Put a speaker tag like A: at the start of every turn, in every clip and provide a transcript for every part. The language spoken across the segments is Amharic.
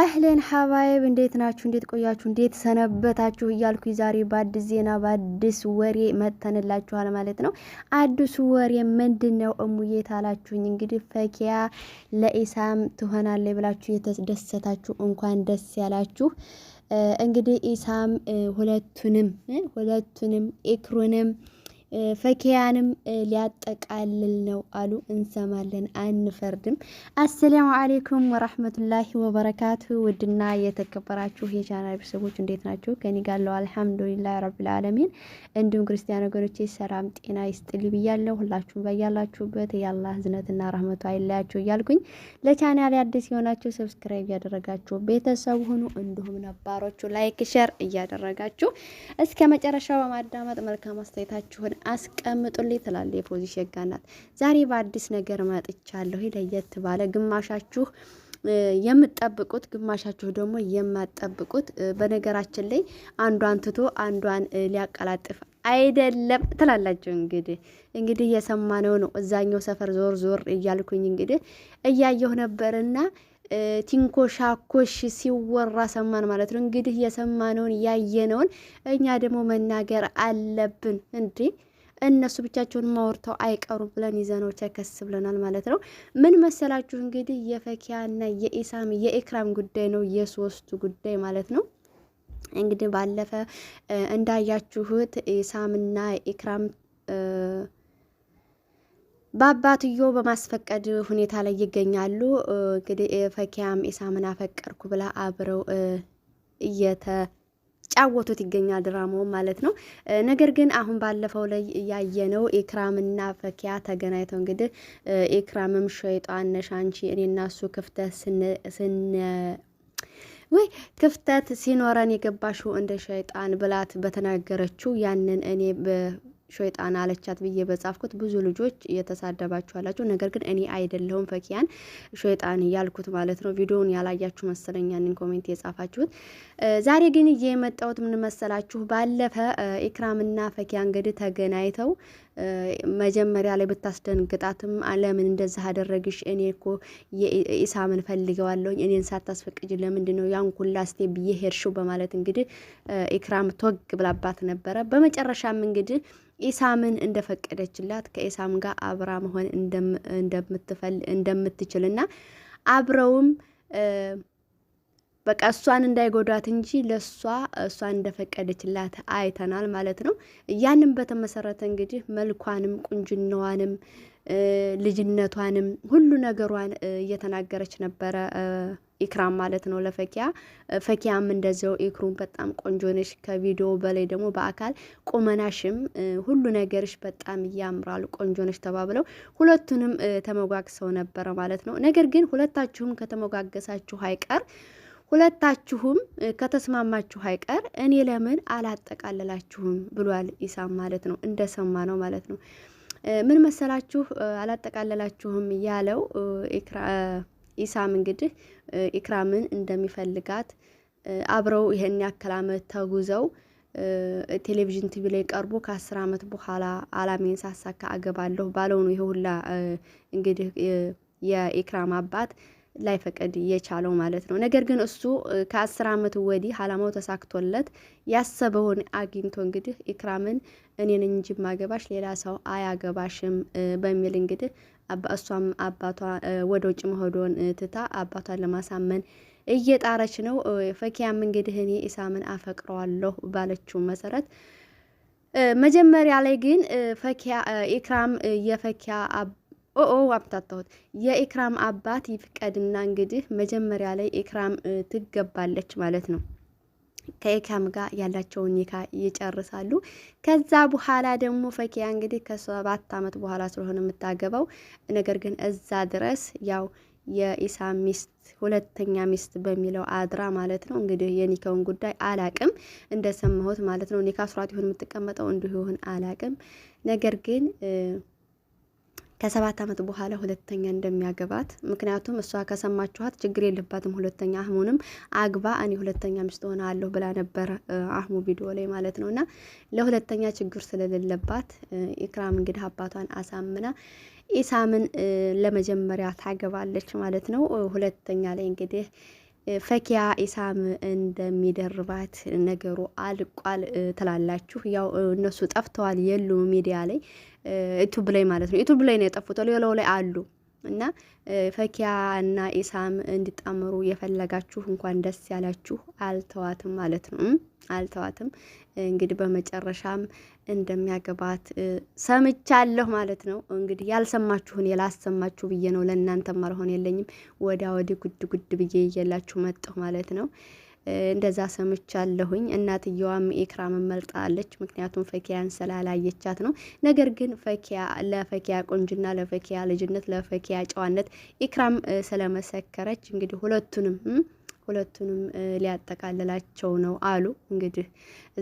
A: አህለን ሀባይብ እንዴት ናችሁ? እንዴት ቆያችሁ? እንዴት ሰነበታችሁ? እያልኩ ዛሬ በአዲስ ዜና በአዲስ ወሬ መተንላችኋል ማለት ነው። አዲሱ ወሬ ምንድን ነው እሙዬ እንግዲህ ፈኪያ ለኢሳም ትሆናለች ብላችሁ የተደሰታችሁ እንኳን ደስ ያላችሁ። እንግዲህ ኢሳም ሁለቱንም ሁለቱንም ኢክሩንም ፈኪያንም ሊያጠቃልል ነው አሉ። እንሰማለን አንፈርድም። አሰላሙ አሌይኩም ወራህመቱላሂ ወበረካቱ። ውድና የተከበራችሁ የቻናል ቤተሰቦች እንዴት ናችሁ? ከኔ ጋር ለው አልሐምዱሊላህ ረብልዓለሚን። እንዲሁም ክርስቲያን ወገኖቼ ሰላም ጤና ይስጥል ብያለሁ። ሁላችሁም በያላችሁበት የአላህ ህዝነትና ረህመቱ አይለያችሁ እያልኩኝ ለቻናል አዲስ የሆናችሁ ሰብስክራይብ እያደረጋችሁ ቤተሰብ ሁኑ። እንዲሁም ነባሮቹ ላይክ ሸር እያደረጋችሁ እስከ መጨረሻው በማዳመጥ መልካም አስተያየታችሁን አስቀምጡልኝ ትላለች የፎዚ ሸጋ ዛሬ በአዲስ ነገር መጥቻለሁ ለየት ባለ ግማሻችሁ የምጠብቁት ግማሻችሁ ደግሞ የማጠብቁት በነገራችን ላይ አንዷን ትቶ አንዷን ሊያቀላጥፍ አይደለም ትላላችሁ። እንግዲህ እንግዲህ እየሰማነው ነው። እዛኛው ሰፈር ዞር ዞር እያልኩኝ እንግዲህ እያየሁ ነበርና ቲንኮሻኮሽ ሲወራ ሰማን ማለት ነው። እንግዲህ የሰማነውን ያየነውን እኛ ደግሞ መናገር አለብን እንዴ እነሱ ብቻቸውን ማወርተው አይቀሩ ብለን ይዘነው ቸከስ ብለናል ማለት ነው። ምን መሰላችሁ እንግዲህ የፈኪያና የኢሳም የኢክራም ጉዳይ ነው የሶስቱ ጉዳይ ማለት ነው። እንግዲህ ባለፈ እንዳያችሁት ኢሳምና ኢክራም በአባትዮ በማስፈቀድ ሁኔታ ላይ ይገኛሉ። እንግዲህ ፈኪያም ኢሳምን አፈቀርኩ ብላ አብረው እየተ እየተጫወቱት ይገኛል ድራማው ማለት ነው። ነገር ግን አሁን ባለፈው ላይ ያየነው ኤክራምና ፈኪያ ተገናኝተው እንግዲህ ኤክራምም ሸይጧን ነሽ አንቺ እኔና እሱ ክፍተት ስን ወይ ክፍተት ሲኖረን የገባሽው እንደ ሸይጣን ብላት በተናገረችው ያንን እኔ ሸይጣን አለቻት ብዬ በጻፍኩት ብዙ ልጆች እየተሳደባችሁ አላችሁ። ነገር ግን እኔ አይደለሁም ፈኪያን ሸይጣን ያልኩት ማለት ነው። ቪዲዮውን ያላያችሁ መሰለኛ ኮሜንት የጻፋችሁት። ዛሬ ግን እየመጣሁት የመጣሁት ምን መሰላችሁ? ባለፈ ኢክራምና ፈኪያ እንግዲህ ተገናኝተው መጀመሪያ ላይ ብታስደንግጣትም ለምን እንደዛ አደረግሽ? እኔ እኮ ኢሳምን ፈልገዋለሁኝ እኔን ሳታስፈቅጅ ለምንድን ነው ያን ስቴ ብዬ ሄድሽው? በማለት እንግዲህ ኢክራም ቶግ ብላባት ነበረ። በመጨረሻም እንግዲህ ኢሳምን እንደፈቀደችላት ከኢሳም ጋር አብራ መሆን እንደምትችልና አብረውም በቃ እሷን እንዳይጎዳት እንጂ ለእሷ እሷን እንደፈቀደችላት አይተናል ማለት ነው። ያንም በተመሰረተ እንግዲህ መልኳንም ቁንጅናዋንም ልጅነቷንም ሁሉ ነገሯን እየተናገረች ነበረ ኢክራም ማለት ነው ለፈኪያ። ፈኪያም እንደዚው ኢክሩም በጣም ቆንጆ ነሽ፣ ከቪዲዮ በላይ ደግሞ በአካል ቁመናሽም ሁሉ ነገርሽ በጣም ያምራል፣ ቆንጆ ነሽ ተባብለው ሁለቱንም ተመጓግሰው ነበረ ማለት ነው። ነገር ግን ሁለታችሁም ከተመጓገሳችሁ አይቀር ሁለታችሁም ከተስማማችሁ አይቀር እኔ ለምን አላጠቃለላችሁም ብሏል ኢሳም ማለት ነው። እንደሰማ ነው ማለት ነው። ምን መሰላችሁ አላጠቃለላችሁም ያለው ኢሳም እንግዲህ ኢክራምን እንደሚፈልጋት አብረው ይህን ያክል አመት ተጉዘው ቴሌቪዥን ቲቪ ላይ ቀርቦ ከአስር አመት በኋላ አላሜን ሳሳካ አገባለሁ ባለው ነው ይሄ ሁላ እንግዲህ የኢክራም አባት ላይፈቀድ የቻለው ማለት ነው። ነገር ግን እሱ ከአስር ዓመት ወዲህ አላማው ተሳክቶለት ያሰበውን አግኝቶ እንግዲህ ኢክራምን እኔን እንጂ ማገባሽ ሌላ ሰው አያገባሽም በሚል እንግዲህ እሷም አባቷ ወደ ውጭ መሆዶን ትታ አባቷን ለማሳመን እየጣረች ነው። ፈኪያም እንግዲህ እኔ ኢሳምን አፈቅረዋለሁ ባለችው መሰረት መጀመሪያ ላይ ግን ፈኪያ ኢክራም የፈኪያ ኦ አምታታሁት። የኢክራም አባት ይፍቀድና እንግዲህ መጀመሪያ ላይ ኢክራም ትገባለች ማለት ነው። ከኢክራም ጋር ያላቸውን ኒካ ይጨርሳሉ። ከዛ በኋላ ደግሞ ፈኪያ እንግዲህ ከሰባት ዓመት በኋላ ስለሆነ የምታገባው ነገር ግን እዛ ድረስ ያው የኢሳ ሚስት ሁለተኛ ሚስት በሚለው አድራ ማለት ነው። እንግዲህ የኒካውን ጉዳይ አላቅም እንደሰማሁት ማለት ነው። ኒካ ሱራት ይሁን የምትቀመጠው እንዲሁ ይሁን አላቅም ነገር ግን ከሰባት ዓመት በኋላ ሁለተኛ እንደሚያገባት ምክንያቱም እሷ ከሰማችኋት ችግር የለባትም። ሁለተኛ አህሙንም አግባ እኔ ሁለተኛ ሚስት ሆናለሁ ብላ ነበር አህሙ ቪዲዮ ላይ ማለት ነው። እና ለሁለተኛ ችግር ስለሌለባት ኢክራም እንግዲህ አባቷን አሳምና ኢሳምን ለመጀመሪያ ታገባለች ማለት ነው። ሁለተኛ ላይ እንግዲህ ፈኪያ ኢሳም እንደሚደርባት ነገሩ አልቋል ትላላችሁ። ያው እነሱ ጠፍተዋል የሉም ሚዲያ ላይ ዩቱብ ላይ ማለት ነው። ዩቱብ ላይ ነው የጠፉት፣ ሌላው ላይ አሉ እና ፈኪያ እና ኢሳም እንዲጣመሩ የፈለጋችሁ እንኳን ደስ ያላችሁ። አልተዋትም ማለት ነው፣ አልተዋትም። እንግዲህ በመጨረሻም እንደሚያገባት ሰምቻለሁ ማለት ነው። እንግዲህ ያልሰማችሁን የላሰማችሁ ብዬ ነው። ለእናንተ ማርሆን የለኝም። ወዲያ ወዲህ ጉድ ጉድ ብዬ እየላችሁ መጣሁ ማለት ነው። እንደዛ ሰምቻለሁኝ። እናትየዋም ኢክራምን መልጣለች፣ ምክንያቱም ፈኪያን ስላላየቻት ነው። ነገር ግን ፈኪያ ለፈኪያ ቆንጅና፣ ለፈኪያ ልጅነት፣ ለፈኪያ ጨዋነት ኢክራም ስለመሰከረች እንግዲህ ሁለቱንም ሁለቱንም ሊያጠቃልላቸው ነው አሉ። እንግዲህ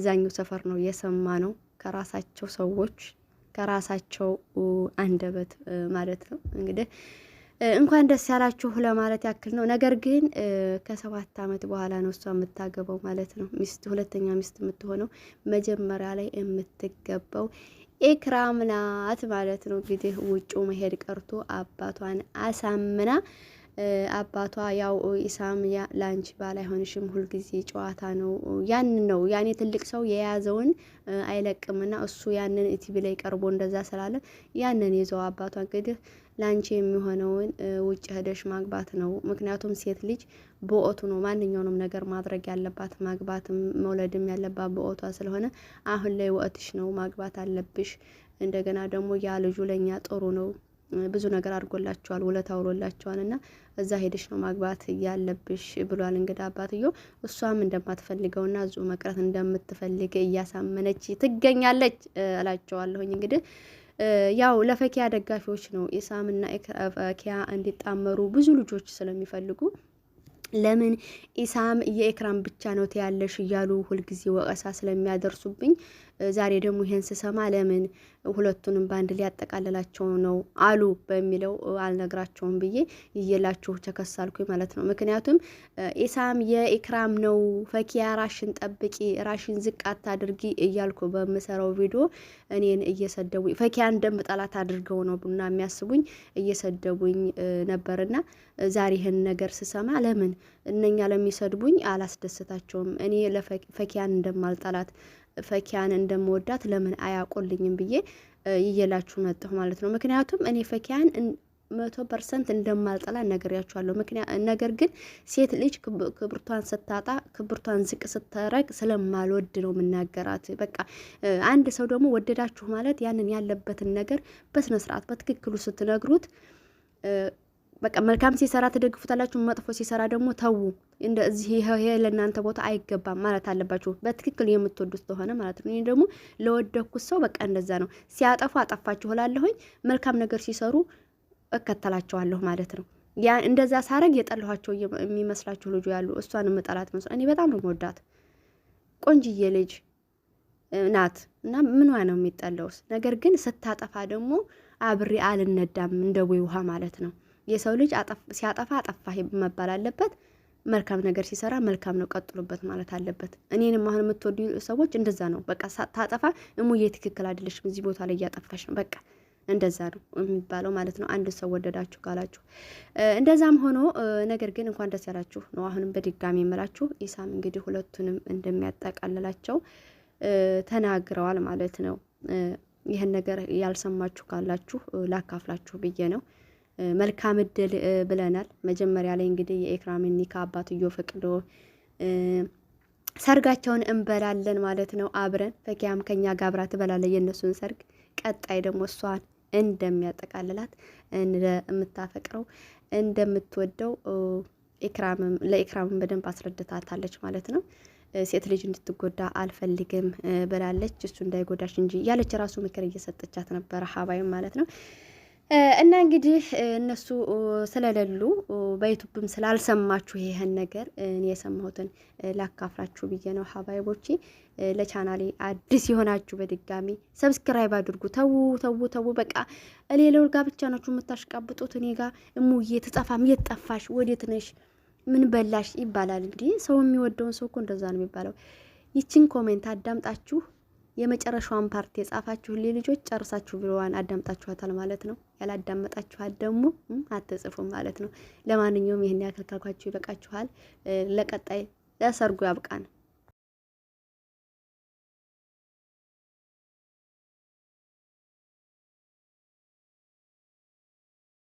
A: እዛኛው ሰፈር ነው የሰማ ነው ከራሳቸው ሰዎች ከራሳቸው አንደበት ማለት ነው እንግዲህ እንኳን ደስ ያላችሁ ለማለት ያክል ነው። ነገር ግን ከሰባት ዓመት በኋላ ነው እሷ የምታገባው ማለት ነው፣ ሚስት ሁለተኛ ሚስት የምትሆነው መጀመሪያ ላይ የምትገባው ኤክራም ናት ማለት ነው። እንግዲህ ውጩ መሄድ ቀርቶ አባቷን አሳምና አባቷ ያው ኢሳም ላንቺ ባል አይሆንሽም፣ ሁልጊዜ ጨዋታ ነው። ያን ነው ያኔ ትልቅ ሰው የያዘውን አይለቅምና እሱ ያንን ኢቲቪ ላይ ቀርቦ እንደዛ ስላለ ያንን ይዘው አባቷ እንግዲህ ለአንቺ የሚሆነውን ውጭ ሄደሽ ማግባት ነው። ምክንያቱም ሴት ልጅ በኦቱ ነው ማንኛውንም ነገር ማድረግ ያለባት፣ ማግባትም መውለድም ያለባት በወቅቷ ስለሆነ አሁን ላይ ወቅትሽ ነው፣ ማግባት አለብሽ። እንደገና ደግሞ ያ ልጁ ለእኛ ጥሩ ነው፣ ብዙ ነገር አድርጎላቸዋል፣ ውለታ ውሎላቸዋል እና እዛ ሄደሽ ነው ማግባት ያለብሽ ብሏል። እንግዲህ አባትዮ እሷም እንደማትፈልገውና እዚሁ መቅረት እንደምትፈልግ እያሳመነች ትገኛለች እላቸዋለሁኝ እንግዲህ ያው ለፈኪያ ደጋፊዎች ነው ኢሳምና ፈኪያ እንዲጣመሩ ብዙ ልጆች ስለሚፈልጉ ለምን ኢሳም የኤክራም ብቻ ነው ያለሽ እያሉ ሁልጊዜ ወቀሳ ስለሚያደርሱብኝ ዛሬ ደግሞ ይሄን ስሰማ ለምን ሁለቱንም በአንድ ሊያጠቃልላቸው ነው አሉ በሚለው አልነግራቸውም ብዬ ይየላችሁ ተከሳልኩ ማለት ነው። ምክንያቱም ኢሳም የኢክራም ነው ፈኪያ ራሽን ጠብቂ፣ ራሽን ዝቅ አታድርጊ እያልኩ በምሰራው ቪዲዮ እኔን እየሰደቡኝ ፈኪያ እንደምጠላት አድርገው ነው ቡና የሚያስቡኝ እየሰደቡኝ ነበርና ዛሬ ይህን ነገር ስሰማ ለምን እነኛ ለሚሰድቡኝ አላስደሰታቸውም እኔ ለፈኪያን እንደማልጠላት ፈኪያን እንደምወዳት ለምን አያውቁልኝም ብዬ ይየላችሁ መጣሁ ማለት ነው። ምክንያቱም እኔ ፈኪያን መቶ ፐርሰንት እንደማልጠላ ነገርያችኋለሁ። ነገር ግን ሴት ልጅ ክብርቷን ስታጣ ክብርቷን ዝቅ ስተረግ ስለማልወድ ነው የምናገራት። በቃ አንድ ሰው ደግሞ ወደዳችሁ ማለት ያንን ያለበትን ነገር በስነስርዓት በትክክሉ ስትነግሩት በቃ መልካም ሲሰራ ትደግፉታላችሁ፣ መጥፎ ሲሰራ ደግሞ ተዉ። እንደዚህ ይሄ ለእናንተ ቦታ አይገባም ማለት አለባችሁ፣ በትክክል የምትወዱት ከሆነ ማለት ነው። ይህ ደግሞ ለወደኩት ሰው በቃ እንደዛ ነው። ሲያጠፉ አጠፋችሁ እላለሁኝ፣ መልካም ነገር ሲሰሩ እከተላቸዋለሁ ማለት ነው። ያ እንደዛ ሳረግ የጠልኋቸው የሚመስላችሁ ልጁ ያሉ እሷን የምጠላት መስሎ እኔ በጣም ነው መወዳት ቆንጅዬ ልጅ ናት እና ምኗ ነው የሚጠለውስ? ነገር ግን ስታጠፋ ደግሞ አብሬ አልነዳም እንደ ቦይ ውሃ ማለት ነው። የሰው ልጅ ሲያጠፋ አጠፋ መባል አለበት። መልካም ነገር ሲሰራ መልካም ነው ቀጥሉበት ማለት አለበት። እኔንም አሁን የምትወዱ ሰዎች እንደዛ ነው። በቃ ታጠፋ እሙዬ ትክክል አይደለሽም፣ እዚህ ቦታ ላይ እያጠፋሽ ነው፣ በቃ እንደዛ ነው የሚባለው ማለት ነው። አንድ ሰው ወደዳችሁ ካላችሁ እንደዛም ሆኖ ነገር ግን እንኳን ደስ ያላችሁ ነው። አሁንም በድጋሚ የምላችሁ ኢሳም እንግዲህ ሁለቱንም እንደሚያጠቃልላቸው ተናግረዋል ማለት ነው። ይህን ነገር ያልሰማችሁ ካላችሁ ላካፍላችሁ ብዬ ነው። መልካም እድል ብለናል። መጀመሪያ ላይ እንግዲህ የኤክራምን ኒካ አባትዮ ፈቅዶ ሰርጋቸውን እንበላለን ማለት ነው አብረን። ፈኪያም ከኛ ጋር አብራ ትበላለች የእነሱን ሰርግ። ቀጣይ ደግሞ እሷን እንደሚያጠቃልላት እንደምታፈቅረው እንደምትወደው ለኤክራምን በደንብ አስረድታታለች ማለት ነው። ሴት ልጅ እንድትጎዳ አልፈልግም ብላለች። እሱ እንዳይጎዳሽ እንጂ እያለች ራሱ ምክር እየሰጠቻት ነበረ ሀባይም ማለት ነው። እና እንግዲህ እነሱ ስለሌሉ በዩቱብም ስላልሰማችሁ ይህን ነገር እኔ የሰማሁትን ላካፍላችሁ ብዬ ነው ሀባይቦቼ። ለቻናሌ አዲስ የሆናችሁ በድጋሚ ሰብስክራይብ አድርጉ። ተዉ ተዉ ተዉ፣ በቃ ሌላው ጋር ብቻ ናችሁ የምታሽቃብጡት። እኔ ጋ እሙዬ ትጠፋም፣ የት ጠፋሽ፣ ወዴት ነሽ፣ ምን በላሽ ይባላል። እንግዲህ ሰው የሚወደውን ሰው እኮ እንደዛ ነው የሚባለው። ይችን ኮሜንት አዳምጣችሁ የመጨረሻዋን ፓርት የጻፋችሁልኝ ልጆች ጨርሳችሁ ብለዋን አዳምጣችኋታል ማለት ነው። ያላዳመጣችኋት ደግሞ አትጽፉም ማለት ነው። ለማንኛውም ይህን ያክል ካልኳችሁ ይበቃችኋል። ለቀጣይ ለሰርጉ ያብቃን።